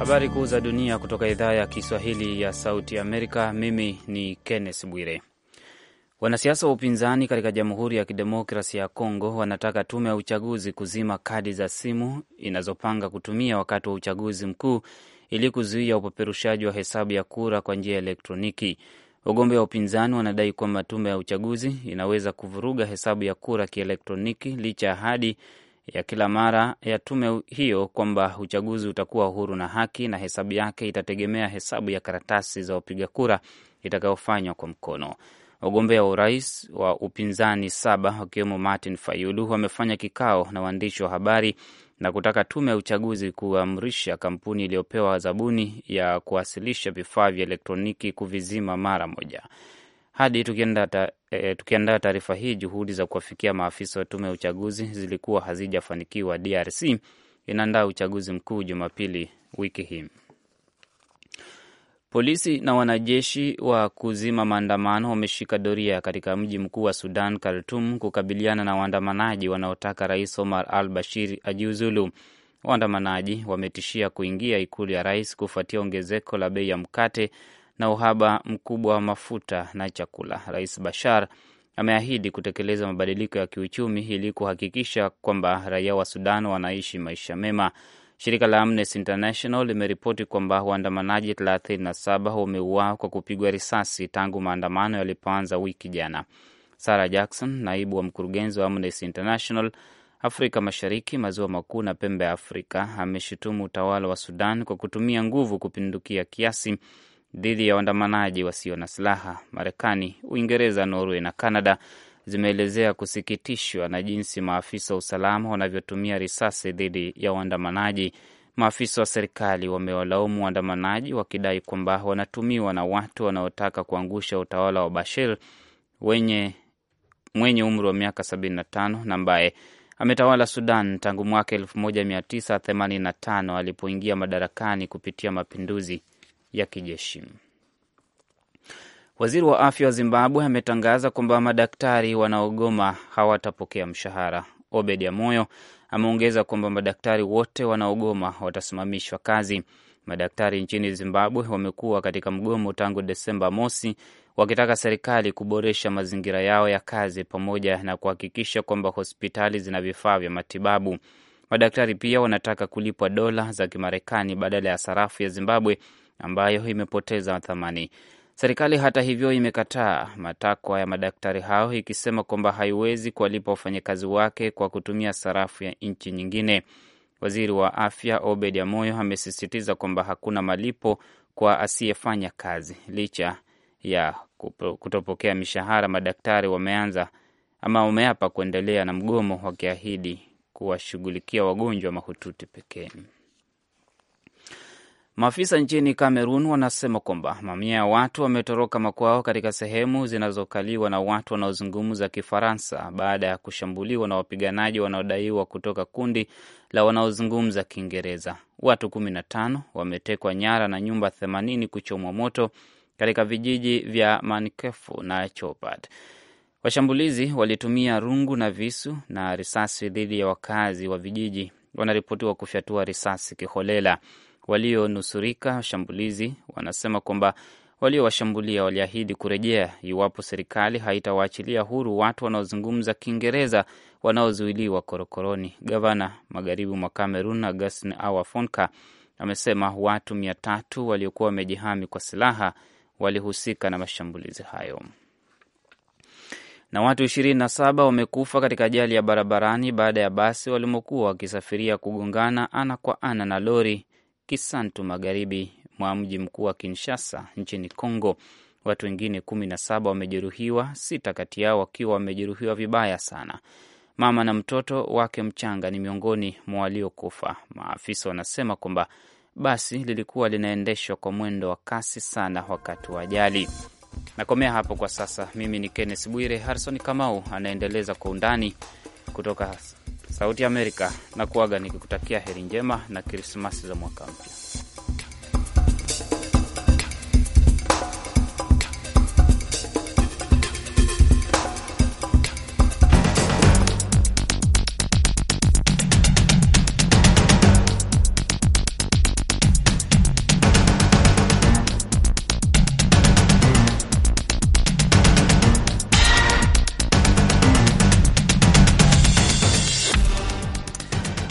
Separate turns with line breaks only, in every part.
Habari kuu za dunia kutoka idhaa ya Kiswahili ya Sauti Amerika. Mimi ni Kenneth Bwire. Wanasiasa wa upinzani katika Jamhuri ya Kidemokrasi ya Kongo wanataka tume ya uchaguzi kuzima kadi za simu inazopanga kutumia wakati wa uchaguzi mkuu ili kuzuia upeperushaji wa hesabu ya kura kwa njia ya elektroniki. Wagombea wa upinzani wanadai kwamba tume ya uchaguzi inaweza kuvuruga hesabu ya kura kielektroniki licha ya ahadi ya kila mara ya tume hiyo kwamba uchaguzi utakuwa huru na haki, na hesabu yake itategemea hesabu ya karatasi za wapiga kura itakayofanywa kwa mkono. Wagombea wa urais wa upinzani saba wakiwemo Martin Fayulu wamefanya kikao na waandishi wa habari na kutaka tume ya uchaguzi kuamrisha kampuni iliyopewa zabuni ya kuwasilisha vifaa vya elektroniki kuvizima mara moja. Hadi tukiandaa e, e, taarifa hii, juhudi za kuwafikia maafisa wa tume ya uchaguzi zilikuwa hazijafanikiwa. DRC inaandaa uchaguzi mkuu Jumapili wiki hii. Polisi na wanajeshi wa kuzima maandamano wameshika doria katika mji mkuu wa Sudan, Khartum, kukabiliana na waandamanaji wanaotaka Rais Omar al Bashir ajiuzulu. Waandamanaji wametishia kuingia ikulu ya rais kufuatia ongezeko la bei ya mkate na uhaba mkubwa wa mafuta na chakula. Rais Bashar ameahidi kutekeleza mabadiliko ya kiuchumi ili kuhakikisha kwamba raia wa Sudan wanaishi maisha mema. Shirika la Amnesty International limeripoti kwamba waandamanaji 37 wameuawa kwa kupigwa risasi tangu maandamano yalipoanza wiki jana. Sarah Jackson, naibu wa mkurugenzi wa Amnesty International Afrika Mashariki, Maziwa Makuu na Pembe ya Afrika, ameshutumu utawala wa Sudan kwa kutumia nguvu kupindukia kiasi dhidi ya waandamanaji wasio na silaha. Marekani, Uingereza, Norway na Canada zimeelezea kusikitishwa na jinsi maafisa wa usalama wanavyotumia risasi dhidi ya waandamanaji. Maafisa wa serikali wamewalaumu waandamanaji wakidai kwamba wanatumiwa na watu wanaotaka kuangusha utawala wa Bashir wenye mwenye umri wa miaka 75 na ambaye ametawala Sudan tangu mwaka 1985 alipoingia madarakani kupitia mapinduzi ya kijeshi. Waziri wa afya wa Zimbabwe ametangaza kwamba madaktari wanaogoma hawatapokea mshahara. Obed Amoyo ameongeza kwamba madaktari wote wanaogoma watasimamishwa kazi. Madaktari nchini Zimbabwe wamekuwa katika mgomo tangu Desemba mosi wakitaka serikali kuboresha mazingira yao ya kazi pamoja na kuhakikisha kwamba hospitali zina vifaa vya matibabu. Madaktari pia wanataka kulipwa dola za Kimarekani badala ya sarafu ya Zimbabwe ambayo imepoteza thamani. Serikali hata hivyo imekataa matakwa ya madaktari hao ikisema kwamba haiwezi kuwalipa wafanyakazi wake kwa kutumia sarafu ya nchi nyingine. Waziri wa afya Obed Amoyo amesisitiza kwamba hakuna malipo kwa asiyefanya kazi. Licha ya kutopokea mishahara, madaktari wameanza ama wameapa kuendelea na mgomo, wakiahidi kuwashughulikia wagonjwa mahututi pekee. Maafisa nchini Kamerun wanasema kwamba mamia ya watu wametoroka makwao katika sehemu zinazokaliwa na watu wanaozungumza Kifaransa baada ya kushambuliwa na wapiganaji wanaodaiwa kutoka kundi la wanaozungumza Kiingereza. Watu kumi na tano wametekwa nyara na nyumba themanini kuchomwa moto katika vijiji vya Mankefu na Chopad. Washambulizi walitumia rungu na visu na risasi dhidi ya wakazi wa vijiji, wanaripotiwa kufyatua risasi kiholela. Walionusurika washambulizi wanasema kwamba waliowashambulia waliahidi kurejea iwapo serikali haitawaachilia huru watu wanaozungumza Kiingereza wanaozuiliwa korokoroni. Gavana magharibi mwa Kamerun Augustin Awafonka amesema watu mia tatu waliokuwa wamejihami kwa silaha walihusika na mashambulizi hayo. Na watu ishirini na saba wamekufa katika ajali ya barabarani baada ya basi walimokuwa wakisafiria kugongana ana kwa ana na lori Kisantu, magharibi mwa mji mkuu wa Kinshasa nchini congo Watu wengine kumi na saba wamejeruhiwa, sita kati yao wakiwa wamejeruhiwa vibaya sana. Mama na mtoto wake mchanga ni miongoni mwa waliokufa. Maafisa wanasema kwamba basi lilikuwa linaendeshwa kwa mwendo wa kasi sana wakati wa ajali. Nakomea hapo kwa sasa. Mimi ni Kenneth Bwire. Harrison Kamau anaendeleza kwa undani kutoka Sauti ya Amerika na kuaga nikikutakia heri njema na Krismasi za mwaka mpya.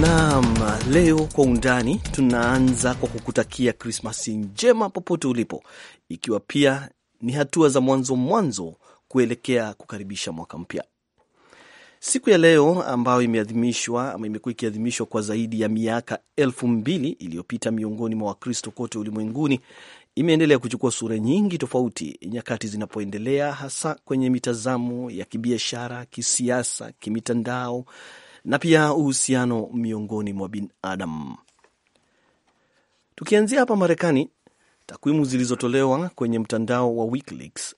Naam, leo kwa undani tunaanza kwa kukutakia Krismasi njema popote ulipo, ikiwa pia ni hatua za mwanzo mwanzo kuelekea kukaribisha mwaka mpya. Siku ya leo ambayo imeadhimishwa ama imekuwa ikiadhimishwa kwa zaidi ya miaka elfu mbili iliyopita miongoni mwa Wakristo kote ulimwenguni imeendelea kuchukua sura nyingi tofauti nyakati zinapoendelea, hasa kwenye mitazamo ya kibiashara, kisiasa, kimitandao na pia uhusiano miongoni mwa binadamu. Tukianzia hapa Marekani, takwimu zilizotolewa kwenye mtandao wa WikiLeaks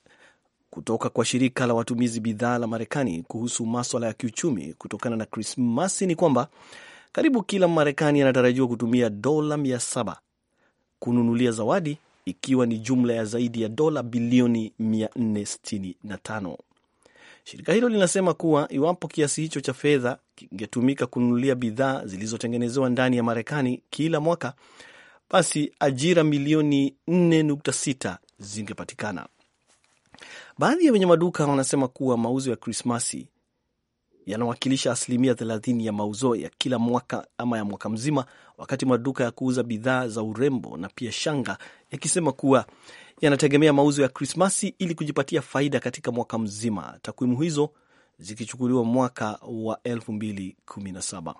kutoka kwa shirika la watumizi bidhaa la Marekani kuhusu maswala ya kiuchumi kutokana na Krismasi ni kwamba karibu kila Marekani anatarajiwa kutumia dola mia saba kununulia zawadi ikiwa ni jumla ya zaidi ya dola bilioni 465. Shirika hilo linasema kuwa iwapo kiasi hicho cha fedha kingetumika kununulia bidhaa zilizotengenezewa ndani ya Marekani kila mwaka, basi ajira milioni 4.6 zingepatikana. Baadhi ya wenye maduka wanasema kuwa mauzo ya Krismasi yanawakilisha asilimia 30 ya mauzo ya kila mwaka ama ya mwaka mzima, wakati maduka ya kuuza bidhaa za urembo na pia shanga yakisema kuwa yanategemea mauzo ya Krismasi ili kujipatia faida katika mwaka mzima, takwimu hizo zikichukuliwa mwaka wa 2017.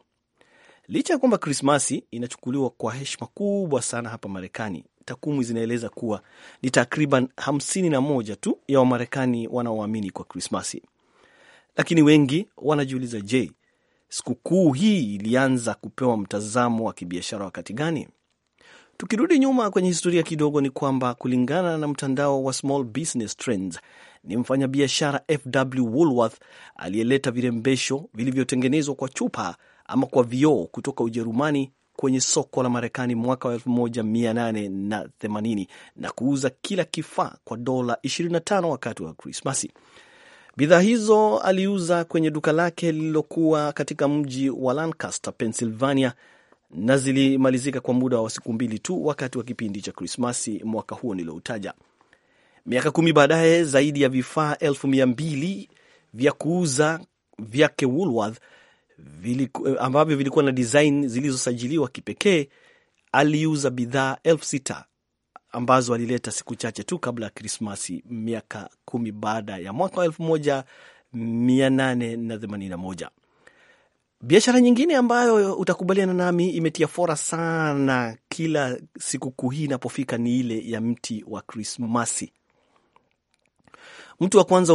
Licha ya kwamba Krismasi inachukuliwa kwa heshima kubwa sana hapa Marekani, takwimu zinaeleza kuwa ni takriban 51 tu ya Wamarekani wanaoamini kwa Krismasi. Lakini wengi wanajiuliza, je, sikukuu hii ilianza kupewa mtazamo wa kibiashara wakati gani? Tukirudi nyuma kwenye historia kidogo, ni kwamba kulingana na mtandao wa Small Business Trends, ni mfanyabiashara FW Woolworth aliyeleta virembesho vilivyotengenezwa kwa chupa ama kwa vioo kutoka Ujerumani kwenye soko la Marekani mwaka wa 1880 na kuuza kila kifaa kwa dola 25 wakati wa Krismasi. Bidhaa hizo aliuza kwenye duka lake lililokuwa katika mji wa Lancaster, Pennsylvania, na zilimalizika kwa muda wa siku mbili tu wakati wa kipindi cha Krismasi mwaka huo nilioutaja. Miaka kumi baadaye, zaidi ya vifaa elfu mia mbili vya kuuza vyake Woolworth ambavyo vilikuwa na design zilizosajiliwa kipekee. Aliuza bidhaa elfu sita ambazo alileta siku chache tu kabla ya Krismasi miaka kumi baada ya mwaka wa elfu moja mia nane na themanini na moja. Biashara nyingine ambayo utakubaliana nami imetia fora sana kila sikukuu hii inapofika ni ile ya mti wa Krismasi. Mtu wa kwanza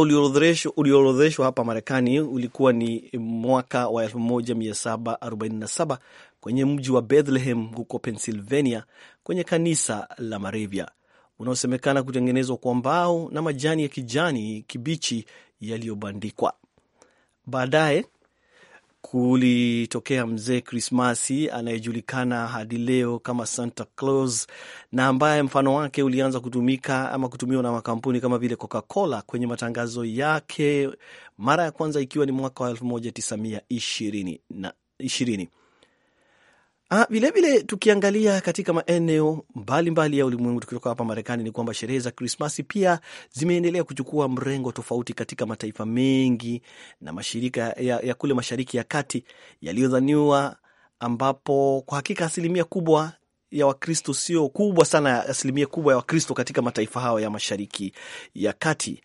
ulioorodheshwa hapa Marekani ulikuwa ni mwaka wa 1747 kwenye mji wa Bethlehem huko Pennsylvania, kwenye kanisa la Maravia unaosemekana kutengenezwa kwa mbao na majani ya kijani kibichi yaliyobandikwa. Baadaye kulitokea mzee Krismasi anayejulikana hadi leo kama Santa Claus na ambaye mfano wake ulianza kutumika ama kutumiwa na makampuni kama vile Coca-Cola kwenye matangazo yake mara ya kwanza ikiwa ni mwaka wa 1920. Vilevile ah, tukiangalia katika maeneo mbalimbali ya ulimwengu tukitoka hapa Marekani ni kwamba sherehe za Krismasi pia zimeendelea kuchukua mrengo tofauti katika mataifa mengi na mashirika ya, ya kule Mashariki ya Kati yaliyodhaniwa, ambapo kwa hakika asilimia kubwa ya Wakristo sio kubwa sana, asilimia kubwa ya Wakristo katika mataifa hayo ya Mashariki ya Kati.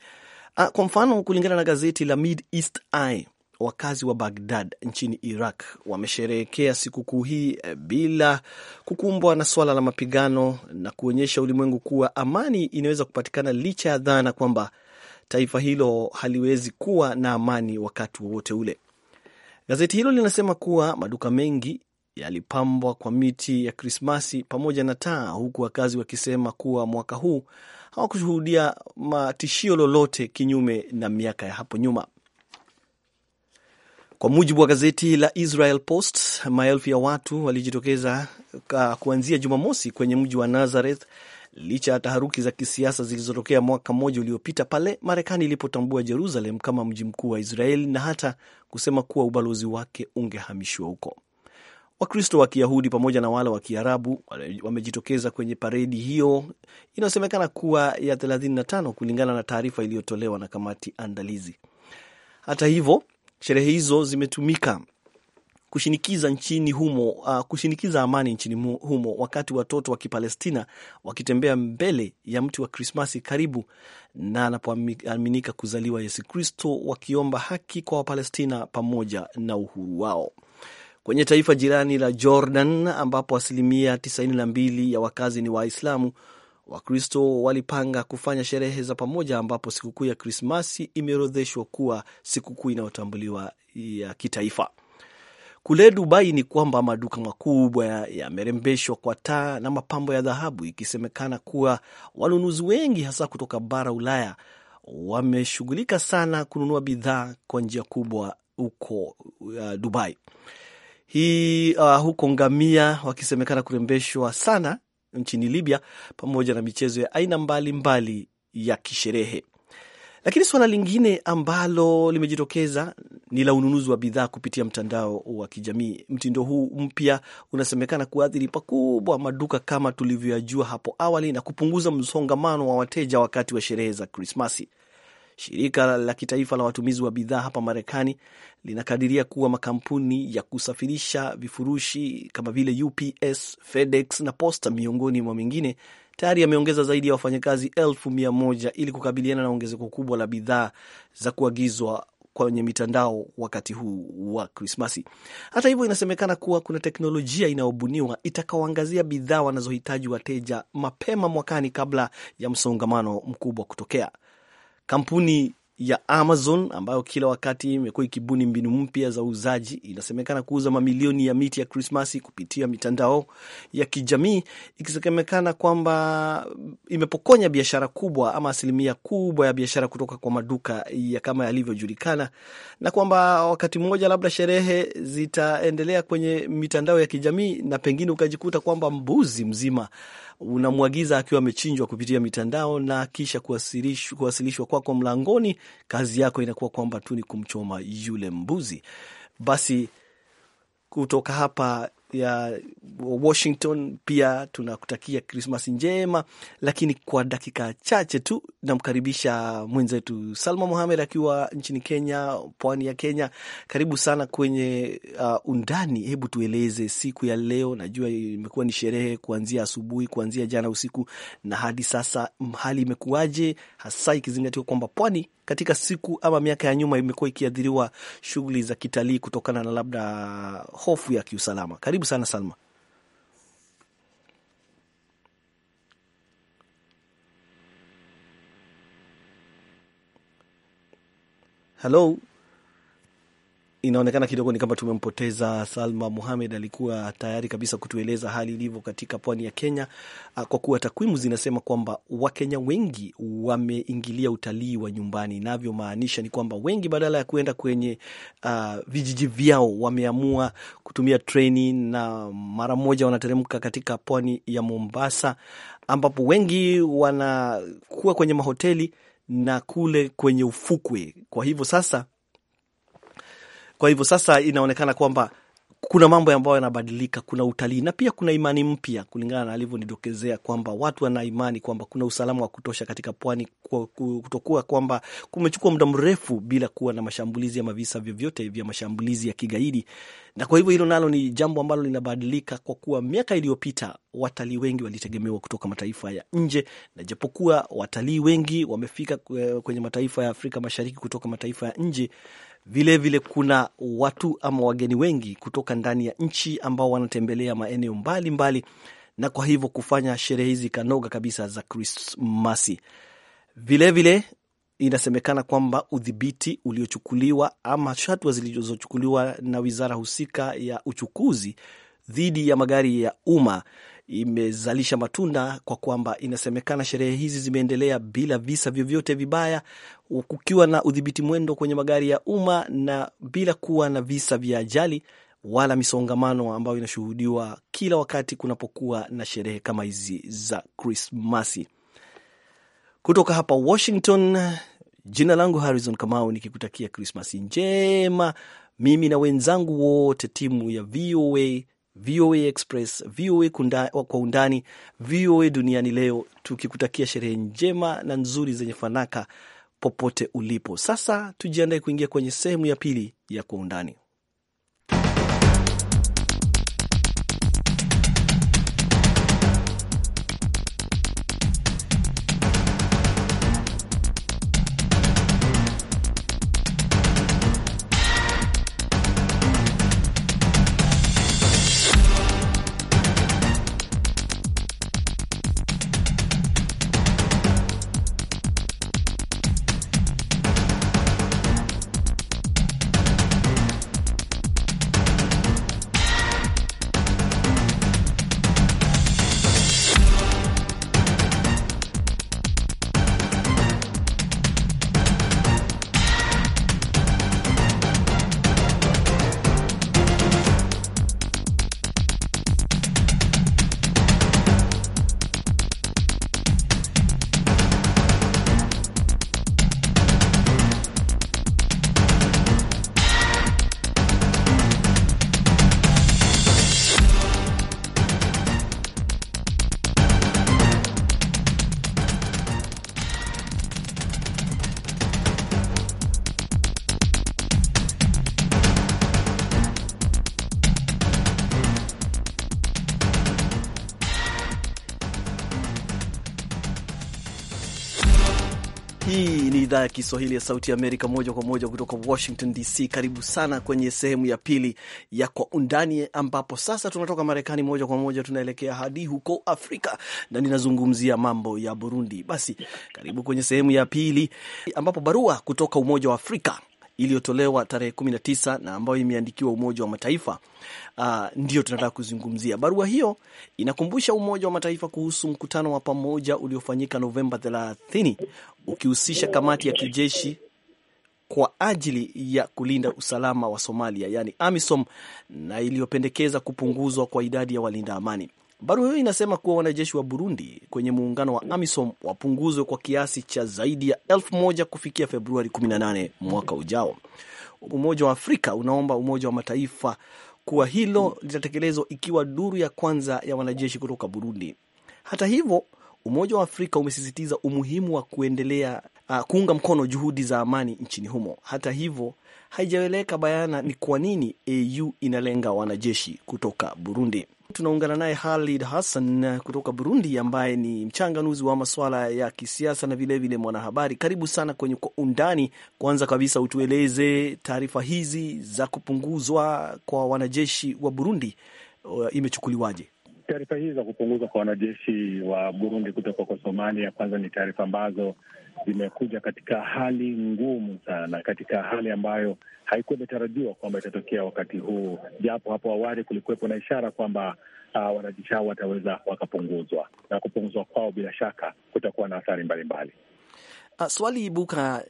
Ah, kwa mfano, kulingana na gazeti la Mid East Eye wakazi wa Bagdad nchini Iraq wamesherehekea sikukuu hii eh, bila kukumbwa na suala la mapigano na kuonyesha ulimwengu kuwa amani inaweza kupatikana licha ya dhana kwamba taifa hilo haliwezi kuwa na amani wakati wowote ule. Gazeti hilo linasema kuwa maduka mengi yalipambwa kwa miti ya Krismasi pamoja na taa, huku wakazi wakisema kuwa mwaka huu hawakushuhudia matishio lolote, kinyume na miaka ya hapo nyuma. Kwa mujibu wa gazeti la Israel Post, maelfu ya watu walijitokeza uh, kuanzia Jumamosi kwenye mji wa Nazareth licha ya taharuki za kisiasa zilizotokea mwaka mmoja uliopita pale Marekani ilipotambua Jerusalem kama mji mkuu wa Israeli na hata kusema kuwa ubalozi wake ungehamishwa huko. Wakristo wa Kiyahudi pamoja na wale wa Kiarabu wamejitokeza kwenye paredi hiyo inayosemekana kuwa ya 35 kulingana na taarifa iliyotolewa na kamati andalizi. Hata hivyo sherehe hizo zimetumika kushinikiza nchini humo uh, kushinikiza amani nchini humo, wakati watoto wa Kipalestina wakitembea mbele ya mti wa Krismasi karibu na anapoaminika kuzaliwa Yesu Kristo, wakiomba haki kwa Wapalestina pamoja na uhuru wao. Kwenye taifa jirani la Jordan ambapo asilimia 92 ya wakazi ni Waislamu, Wakristo walipanga kufanya sherehe za pamoja ambapo sikukuu ya Krismasi imeorodheshwa kuwa sikukuu inayotambuliwa ya kitaifa. Kule Dubai ni kwamba maduka makubwa yamerembeshwa kwa taa na mapambo ya dhahabu, ikisemekana kuwa wanunuzi wengi hasa kutoka bara Ulaya wameshughulika sana kununua bidhaa kwa njia kubwa huko uh, Dubai hii uh, huko ngamia wakisemekana kurembeshwa sana nchini Libya, pamoja na michezo ya aina mbalimbali mbali ya kisherehe. Lakini suala lingine ambalo limejitokeza ni la ununuzi wa bidhaa kupitia mtandao wa kijamii. Mtindo huu mpya unasemekana kuathiri pakubwa maduka kama tulivyoyajua hapo awali na kupunguza msongamano wa wateja wakati wa sherehe za Krismasi. Shirika la kitaifa la watumizi wa bidhaa hapa Marekani linakadiria kuwa makampuni ya kusafirisha vifurushi kama vile UPS, FedEx na Posta miongoni mwa mengine tayari yameongeza zaidi ya wafanyakazi elfu mia moja ili kukabiliana na ongezeko kubwa la bidhaa za kuagizwa kwenye mitandao wakati huu wa Krismasi. Hata hivyo, inasemekana kuwa kuna teknolojia inayobuniwa itakaoangazia bidhaa wanazohitaji wateja mapema mwakani kabla ya msongamano mkubwa kutokea. Kampuni ya Amazon ambayo kila wakati imekuwa ikibuni mbinu mpya za uuzaji, inasemekana kuuza mamilioni ya miti ya Krismasi kupitia mitandao ya kijamii, ikisemekana kwamba imepokonya biashara kubwa ama asilimia kubwa ya biashara kutoka kwa maduka ya kama yalivyojulikana, na kwamba wakati mmoja labda sherehe zitaendelea kwenye mitandao ya kijamii na pengine ukajikuta kwamba mbuzi mzima unamwagiza akiwa amechinjwa kupitia mitandao na kisha kuwasilishwa, kwako mlangoni. Kazi yako inakuwa kwamba tu ni kumchoma yule mbuzi. Basi kutoka hapa ya Washington pia tunakutakia Krismas njema, lakini kwa dakika chache tu namkaribisha mwenzetu Salma Muhamed akiwa nchini Kenya, pwani ya Kenya. Karibu sana kwenye uh, Undani. Hebu tueleze siku ya leo, najua imekuwa ni sherehe kuanzia asubuhi, kuanzia jana usiku na hadi sasa, hali imekuwaje, hasa ikizingatiwa kwamba pwani katika siku ama miaka ya nyuma imekuwa ikiathiriwa shughuli za kitalii kutokana na labda hofu ya kiusalama. Karibu. karibu sana Hello. inaonekana kidogo ni kama tumempoteza Salma Muhamed. Alikuwa tayari kabisa kutueleza hali ilivyo katika pwani ya Kenya, ah, kwa kuwa takwimu zinasema kwamba Wakenya wengi wameingilia utalii wa nyumbani. Inavyomaanisha ni kwamba wengi badala ya kuenda kwenye uh, vijiji vyao wameamua kutumia treni na mara moja wanateremka katika pwani ya Mombasa, ambapo wengi wanakuwa kwenye mahoteli na kule kwenye ufukwe. Kwa hivyo sasa kwa hivyo sasa inaonekana kwamba kuna mambo ambayo yanabadilika, kuna utalii na pia kuna imani mpya, kulingana na alivyonidokezea kwamba watu wana imani kwamba kuna usalama wa kutosha katika pwani, kutokuwa kwamba kumechukua muda mrefu bila kuwa na mashambulizi ama visa vyovyote vya mashambulizi ya kigaidi. Na kwa hivyo hilo nalo ni jambo ambalo linabadilika, kwa kuwa miaka iliyopita watalii wengi walitegemewa kutoka mataifa ya nje, na japokuwa watalii wengi wamefika eh, kwenye mataifa ya Afrika Mashariki kutoka mataifa ya nje, Vilevile vile kuna watu ama wageni wengi kutoka ndani ya nchi ambao wanatembelea maeneo mbalimbali na kwa hivyo kufanya sherehe hizi kanoga kabisa za Krismasi. Vilevile inasemekana kwamba udhibiti uliochukuliwa ama hatua zilizochukuliwa na wizara husika ya uchukuzi dhidi ya magari ya umma imezalisha matunda kwa kwamba inasemekana sherehe hizi zimeendelea bila visa vyovyote vibaya, kukiwa na udhibiti mwendo kwenye magari ya umma na bila kuwa na visa vya ajali wala misongamano ambayo inashuhudiwa kila wakati kunapokuwa na sherehe kama hizi za Krismasi. Kutoka hapa Washington, jina langu Harrison Kamau, nikikutakia Krismasi njema, mimi na wenzangu wote timu ya VOA VOA Express, VOA kunda, kwa undani, VOA duniani leo, tukikutakia sherehe njema na nzuri zenye fanaka popote ulipo. Sasa tujiandae kuingia kwenye sehemu ya pili ya kwa undani. idhaa ya Kiswahili ya Sauti ya Amerika, moja kwa moja kutoka Washington DC. Karibu sana kwenye sehemu ya pili ya Kwa Undani, ambapo sasa tunatoka Marekani moja kwa moja tunaelekea hadi huko Afrika na ninazungumzia mambo ya Burundi. Basi karibu kwenye sehemu ya pili, ambapo barua kutoka Umoja wa Afrika iliyotolewa tarehe 19 na ambayo imeandikiwa Umoja wa Mataifa. Uh, ndiyo tunataka kuzungumzia. Barua hiyo inakumbusha Umoja wa Mataifa kuhusu mkutano wa pamoja uliofanyika Novemba 30 ukihusisha kamati ya kijeshi kwa ajili ya kulinda usalama wa Somalia, yani AMISOM, na iliyopendekeza kupunguzwa kwa idadi ya walinda amani. Barua hiyo inasema kuwa wanajeshi wa Burundi kwenye muungano wa AMISOM wapunguzwe kwa kiasi cha zaidi ya elfu moja kufikia Februari 18 mwaka ujao. Umoja wa Afrika unaomba Umoja wa Mataifa kuwa hilo litatekelezwa ikiwa duru ya kwanza ya wanajeshi kutoka Burundi. Hata hivyo, Umoja wa Afrika umesisitiza umuhimu wa kuendelea uh, kuunga mkono juhudi za amani nchini humo. Hata hivyo, haijaweleka bayana ni kwa nini AU inalenga wanajeshi kutoka Burundi. Tunaungana naye Halid Hassan kutoka Burundi, ambaye ni mchanganuzi wa masuala ya kisiasa na vilevile mwanahabari. Karibu sana kwenye Kwa Undani. Kwanza kabisa, utueleze taarifa hizi za kupunguzwa kwa wanajeshi wa Burundi, uh, imechukuliwaje?
Taarifa hizi za kupunguzwa kwa wanajeshi wa Burundi kutoka kwa Somalia, kwanza ni taarifa ambazo zimekuja katika hali ngumu sana, katika hali ambayo haikuwa imetarajiwa kwamba itatokea wakati huu, japo hapo awali kulikuwepo na ishara kwamba uh, wanajeshi hao wataweza wakapunguzwa, na kupunguzwa kwao bila shaka kutakuwa na athari mbalimbali.
Ah, swali ibuka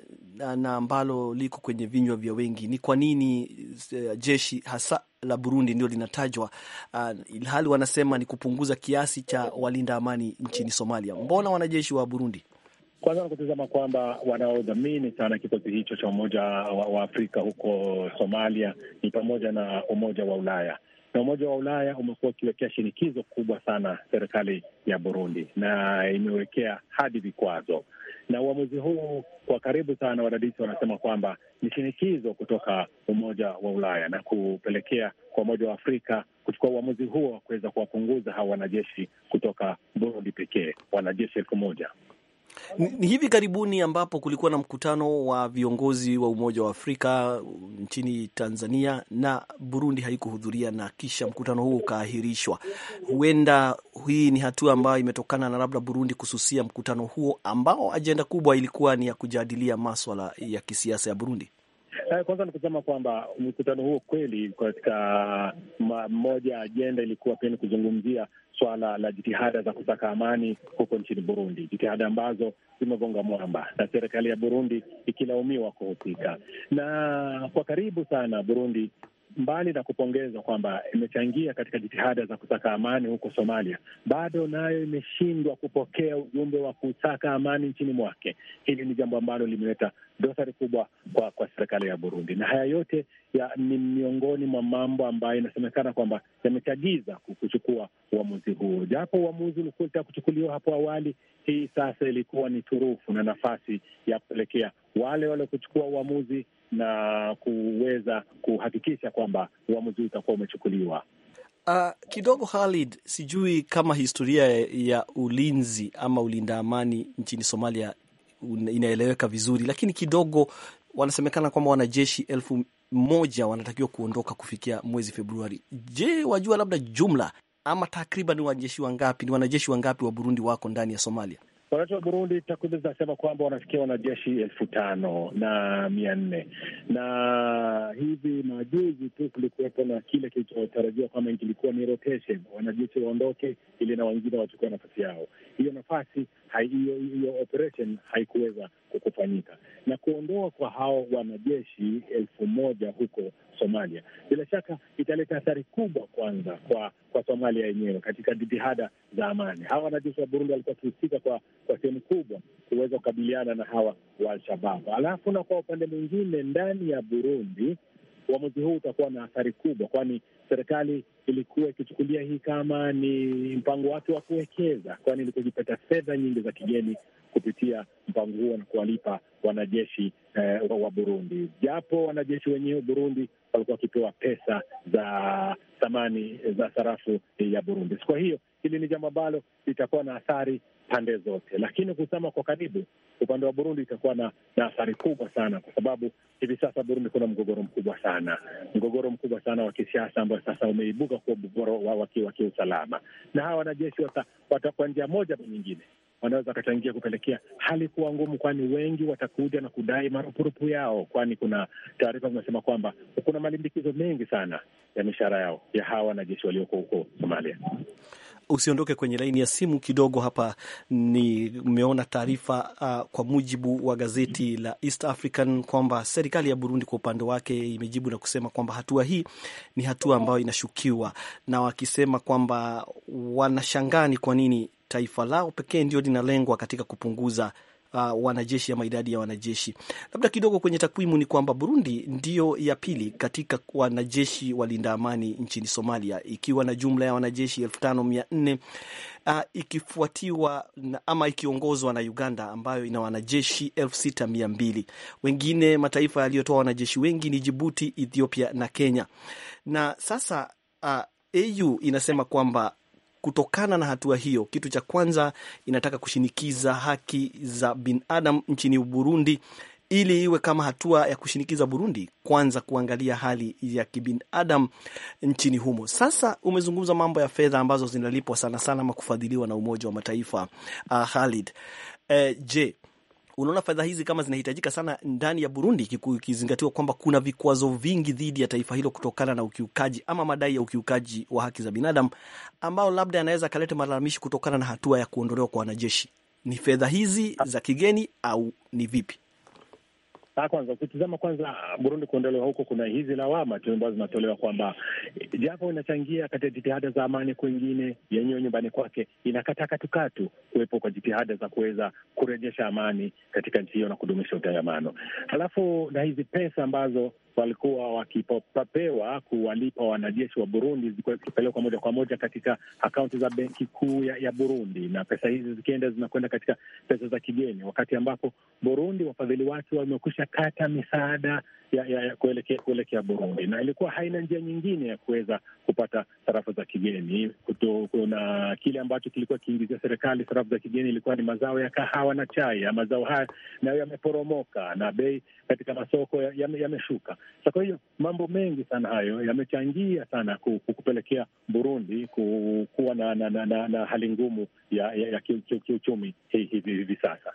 na ambalo liko kwenye vinywa vya wengi ni kwa nini eh, jeshi hasa la Burundi ndio linatajwa uh, ilhali wanasema ni kupunguza kiasi cha walinda amani nchini Somalia. Mbona wanajeshi wa Burundi?
Kwanza nakutizama kwamba wanaodhamini sana kikosi hicho cha Umoja wa, Afrika huko Somalia ni pamoja na Umoja wa Ulaya na Umoja wa Ulaya umekuwa ukiwekea shinikizo kubwa sana serikali ya Burundi na imewekea hadi vikwazo. Na uamuzi huu kwa karibu sana, wadadisi wanasema kwamba ni shinikizo kutoka Umoja wa Ulaya na kupelekea kwa Umoja wa Afrika kuchukua uamuzi huo wa kuweza kuwapunguza hawa wanajeshi kutoka Burundi pekee, wanajeshi elfu moja.
Ni hivi karibuni ambapo kulikuwa na mkutano wa viongozi wa Umoja wa Afrika um, nchini Tanzania na Burundi haikuhudhuria na kisha mkutano huo ukaahirishwa. Huenda hii ni hatua ambayo imetokana na labda Burundi kususia mkutano huo ambao ajenda kubwa ilikuwa ni ya kujadilia maswala ya kisiasa ya Burundi.
Eh, kwanza ni kusema kwamba mkutano huo kweli, katika ya ajenda ilikuwa pia ni kuzungumzia swala la jitihada za kutaka amani huko nchini Burundi, jitihada ambazo zimegonga mwamba na serikali ya Burundi ikilaumiwa kuhusika. Na kwa karibu sana Burundi mbali na kupongezwa kwamba imechangia katika jitihada za kutaka amani huko Somalia, bado nayo imeshindwa kupokea ujumbe wa kutaka amani nchini mwake. Hili ni jambo ambalo limeleta dosari kubwa kwa kwa serikali ya Burundi, na haya yote ya, ni miongoni mwa mambo ambayo inasemekana kwamba yamechagiza kuchukua uamuzi huo, japo uamuzi ulikuwa ulitaka kuchukuliwa hapo awali. Hii sasa ilikuwa ni turufu na nafasi ya kupelekea wale waliokuchukua uamuzi na kuweza kuhakikisha kwamba uamuzi utakuwa umechukuliwa.
Uh, kidogo Khalid, sijui kama historia ya ulinzi ama ulinda amani nchini Somalia inaeleweka vizuri, lakini kidogo wanasemekana kwamba wanajeshi elfu moja wanatakiwa kuondoka kufikia mwezi Februari. Je, wajua labda jumla ama takriban wanajeshi wangapi, ni wanajeshi wangapi wa Burundi wako ndani ya Somalia?
Wananchi wa Burundi, takwimu zinasema kwamba wanafikia wanajeshi elfu tano na mia nne na hivi majuzi tu kulikuwepo na kile kilichotarajiwa kwamba kilikuwa ni rotation, wanajeshi waondoke ili na wengine wachukua nafasi yao. Hiyo nafasi hiyo operation haikuweza kufanyika, na kuondoa kwa hao wanajeshi elfu moja huko Somalia bila shaka italeta athari kubwa, kwanza kwa kwa Somalia yenyewe katika jitihada za amani. Hawa wanajeshi wa Burundi walikuwa wakihusika kwa kwa sehemu kubwa kuweza kukabiliana na hawa wa Al-Shabab. Alafu na kwa upande mwingine, ndani ya Burundi uamuzi huu utakuwa na athari kubwa, kwani serikali ilikuwa ikichukulia hii kama ni mpango wake wa kuwekeza, kwani ilikuwa ikipata fedha nyingi za kigeni kupitia mpango huo na kuwalipa wanajeshi eh, wa Burundi, japo wanajeshi wenyewe Burundi walikuwa wakipewa pesa za thamani za sarafu ya Burundi. Kwa hiyo hili ni jambo ambalo litakuwa na athari pande zote, lakini kusama kwa karibu upande wa Burundi itakuwa na, na athari kubwa sana, kwa sababu hivi sasa Burundi kuna mgogoro mkubwa sana, mgogoro mkubwa sana wa kisiasa ambao sasa umeibuka kuwa mgogoro wa kiusalama, na hawa wanajeshi watakwa njia moja na nyingine wanaweza wakachangia kupelekea hali kuwa ngumu, kwani wengi watakuja na kudai marupurupu yao, kwani kuna taarifa zinasema kwamba kuna malimbikizo mengi sana ya mishahara yao ya hawa wanajeshi walioko huko Somalia
usiondoke kwenye laini ya simu kidogo. Hapa ni taarifa uh, kwa mujibu wa gazeti la East African kwamba serikali ya Burundi kwa upande wake imejibu na kusema kwamba hatua hii ni hatua ambayo inashukiwa, na wakisema kwamba wanashangani kwa nini taifa lao pekee ndio linalengwa katika kupunguza uh, wanajeshi ama idadi ya wanajeshi. Labda kidogo kwenye takwimu ni kwamba Burundi ndiyo ya pili katika wanajeshi walinda amani nchini Somalia ikiwa na jumla ya wanajeshi elfu tano mia nne uh, ikifuatiwa na, ama ikiongozwa na Uganda ambayo ina wanajeshi elfu sita mia mbili. Wengine mataifa yaliyotoa wanajeshi wengi ni Jibuti, Ethiopia na Kenya. Na sasa uh, AU inasema kwamba kutokana na hatua hiyo, kitu cha kwanza inataka kushinikiza haki za binadamu nchini Burundi ili iwe kama hatua ya kushinikiza Burundi kwanza kuangalia hali ya kibinadamu nchini humo. Sasa umezungumza mambo ya fedha ambazo zinalipwa sana sana ama kufadhiliwa na Umoja wa Mataifa. Uh, Khalid, uh, je, unaona fedha hizi kama zinahitajika sana ndani ya Burundi, ikizingatiwa kwamba kuna vikwazo vingi dhidi ya taifa hilo kutokana na ukiukaji ama madai ya ukiukaji wa haki za binadamu, ambao labda yanaweza akaleta malalamishi kutokana na hatua ya kuondolewa kwa wanajeshi. Ni fedha hizi za kigeni au ni vipi?
Kwanza ukitizama kwanza Burundi kuondolewa huko, kuna hizi lawama tu ambazo zinatolewa kwamba japo inachangia katika jitihada za amani, kwengine yenyewe nyumbani kwake inakata katukatu kuwepo kwa jitihada za kuweza kurejesha amani katika nchi hiyo na kudumisha utangamano, halafu na hizi pesa ambazo walikuwa wakipopapewa kuwalipa wanajeshi wa Burundi zilikuwa zikipelekwa moja kwa moja katika akaunti za benki kuu ya, ya Burundi, na pesa hizi zikienda zinakwenda katika pesa za kigeni, wakati ambapo Burundi wafadhili wake wamekwisha kata misaada ya, ya, ya kuelekea kueleke Burundi, na ilikuwa haina njia nyingine ya kuweza kupata sarafu za kigeni. Kuna kile ambacho kilikuwa kiingizia serikali sarafu za kigeni ilikuwa ni mazao ya kahawa na chai. Ya mazao haya nayo yameporomoka na bei katika masoko yameshuka. Sa kwa hiyo mambo mengi sana hayo yamechangia sana kupelekea Burundi kuwa na, na, na, na, na hali ngumu ya, ya, ya kiuchumi hivi hivi sasa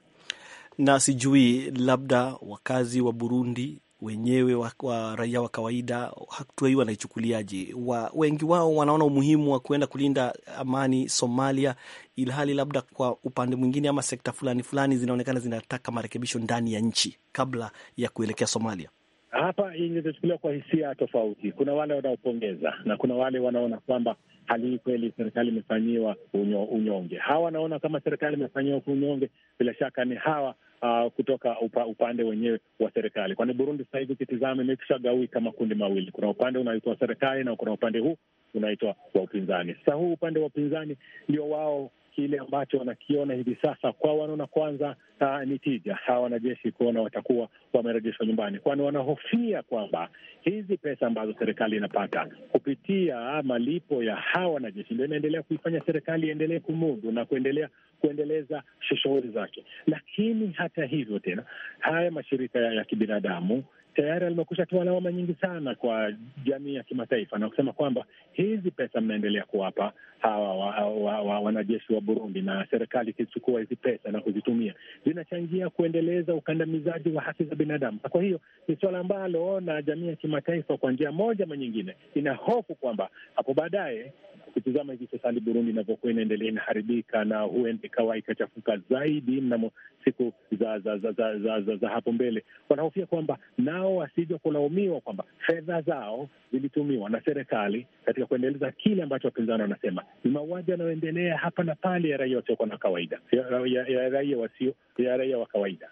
na sijui labda wakazi wa Burundi wenyewe wa, wa raia wa kawaida hatua hii wanaichukuliaje? Wa, wengi wao wanaona umuhimu wa kuenda kulinda amani Somalia, ilhali labda kwa upande mwingine ama sekta fulani fulani zinaonekana zinataka marekebisho ndani ya nchi kabla ya kuelekea Somalia.
Hapa ingechukuliwa kwa hisia tofauti. Kuna wale wanaopongeza na kuna wale wanaona kwamba hali hii kweli serikali imefanyiwa unyo, unyonge. Hawa wanaona kama serikali imefanyiwa unyonge, bila shaka ni hawa uh, kutoka upa, upande wenyewe wa serikali, kwani Burundi sasa hivi ukitizama gawika makundi mawili. Kuna upande unaitwa serikali na kuna upande huu unaitwa wa upinzani. Sasa huu upande wa upinzani ndio wao kile ambacho wanakiona hivi sasa kwao, wanaona kwanza ah, ni tija hawa wanajeshi kuona watakuwa wamerejeshwa nyumbani, kwani wanahofia kwamba hizi pesa ambazo serikali inapata kupitia malipo ya hawa wanajeshi ndio inaendelea kuifanya serikali iendelee kumudu na kuendelea kuendeleza shughuli zake. Lakini hata hivyo tena, haya mashirika ya kibinadamu tayari alimekusha toa lawama nyingi sana kwa jamii ya kimataifa na kusema kwamba hizi pesa mnaendelea kuwapa hawa wa, wa, wa, wanajeshi wa Burundi na serikali ikichukua hizi pesa na kuzitumia zinachangia kuendeleza ukandamizaji wa haki za binadamu. Kwa hiyo ni suala ambalo na jamii ya kimataifa kwa njia moja ama nyingine ina hofu kwamba hapo baadaye ukitizama hivi sasa hali Burundi inavyokuwa inaendelea inaharibika, na huenda ikawa ikachafuka zaidi mnamo siku za za za, za, za, za, za hapo mbele, wanahofia kwamba nao wao wasije kulaumiwa kwamba fedha zao zilitumiwa na serikali katika kuendeleza kile ambacho wapinzani wanasema ni mauaji yanayoendelea hapa na pale ya raia wasiokuwa na kawaida, ya raia wasio ya raia wa kawaida.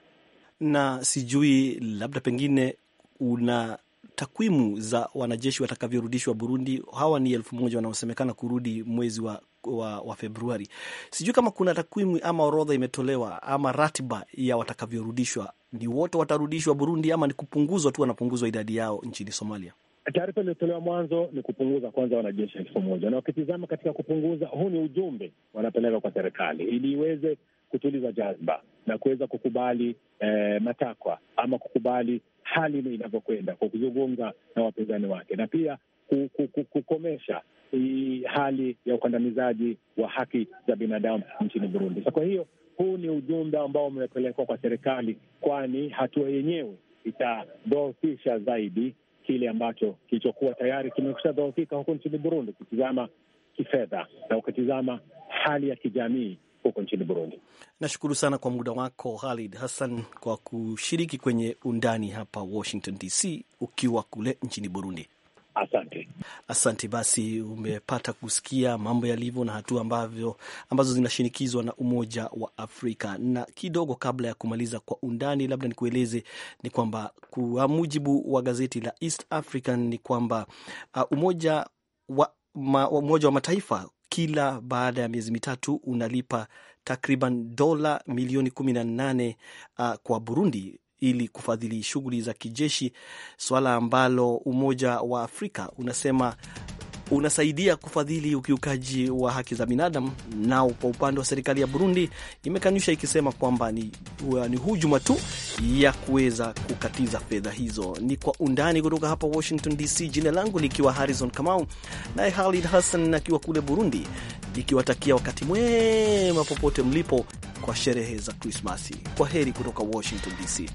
Na sijui labda pengine una takwimu za wanajeshi watakavyorudishwa Burundi. Hawa ni elfu moja wanaosemekana kurudi mwezi wa wa, wa Februari. Sijui kama kuna takwimu ama orodha imetolewa ama ratiba ya watakavyorudishwa. Ni wote watarudishwa Burundi ama ni kupunguzwa tu, wanapunguzwa idadi yao nchini Somalia?
Taarifa iliyotolewa mwanzo ni kupunguza kwanza wanajeshi elfu moja na wakitizama katika kupunguza, huu ni ujumbe
wanapeleka kwa serikali ili
iweze kutuliza jazba na kuweza kukubali eh, matakwa ama kukubali hali inavyokwenda kwa kuzungumza na wapinzani wake na pia kukomesha hii hali ya ukandamizaji wa haki za binadamu nchini Burundi. Sa kwa hiyo huu ni ujumbe ambao umepelekwa kwa serikali, kwani hatua yenyewe itadhoofisha zaidi kile ambacho kilichokuwa tayari kimekusha dhoofika huko nchini Burundi, ukitizama kifedha na ukitizama hali ya kijamii huko nchini
Burundi. Nashukuru sana kwa muda wako halid Hassan kwa kushiriki kwenye undani hapa Washington DC ukiwa kule nchini Burundi yoyote. Asante. Basi umepata kusikia mambo yalivyo na hatua ambavyo ambazo zinashinikizwa na Umoja wa Afrika. Na kidogo kabla ya kumaliza kwa undani, labda nikueleze ni kwamba kwa mujibu wa gazeti la East African ni kwamba uh, Umoja wa, ma, Umoja wa Mataifa kila baada ya miezi mitatu unalipa takriban dola milioni kumi na nane uh, kwa Burundi ili kufadhili shughuli za kijeshi, swala ambalo Umoja wa Afrika unasema unasaidia kufadhili ukiukaji wa haki za binadamu. Nao kwa upande wa serikali ya Burundi imekanusha ikisema kwamba ni, uh, ni hujuma tu ya kuweza kukatiza fedha hizo. Ni kwa undani kutoka hapa Washington DC, jina langu likiwa Harrison Kamau, naye Halid Hassan akiwa kule Burundi, nikiwatakia wakati mwema popote mlipo kwa sherehe za Krismasi. Kwa heri kutoka Washington DC.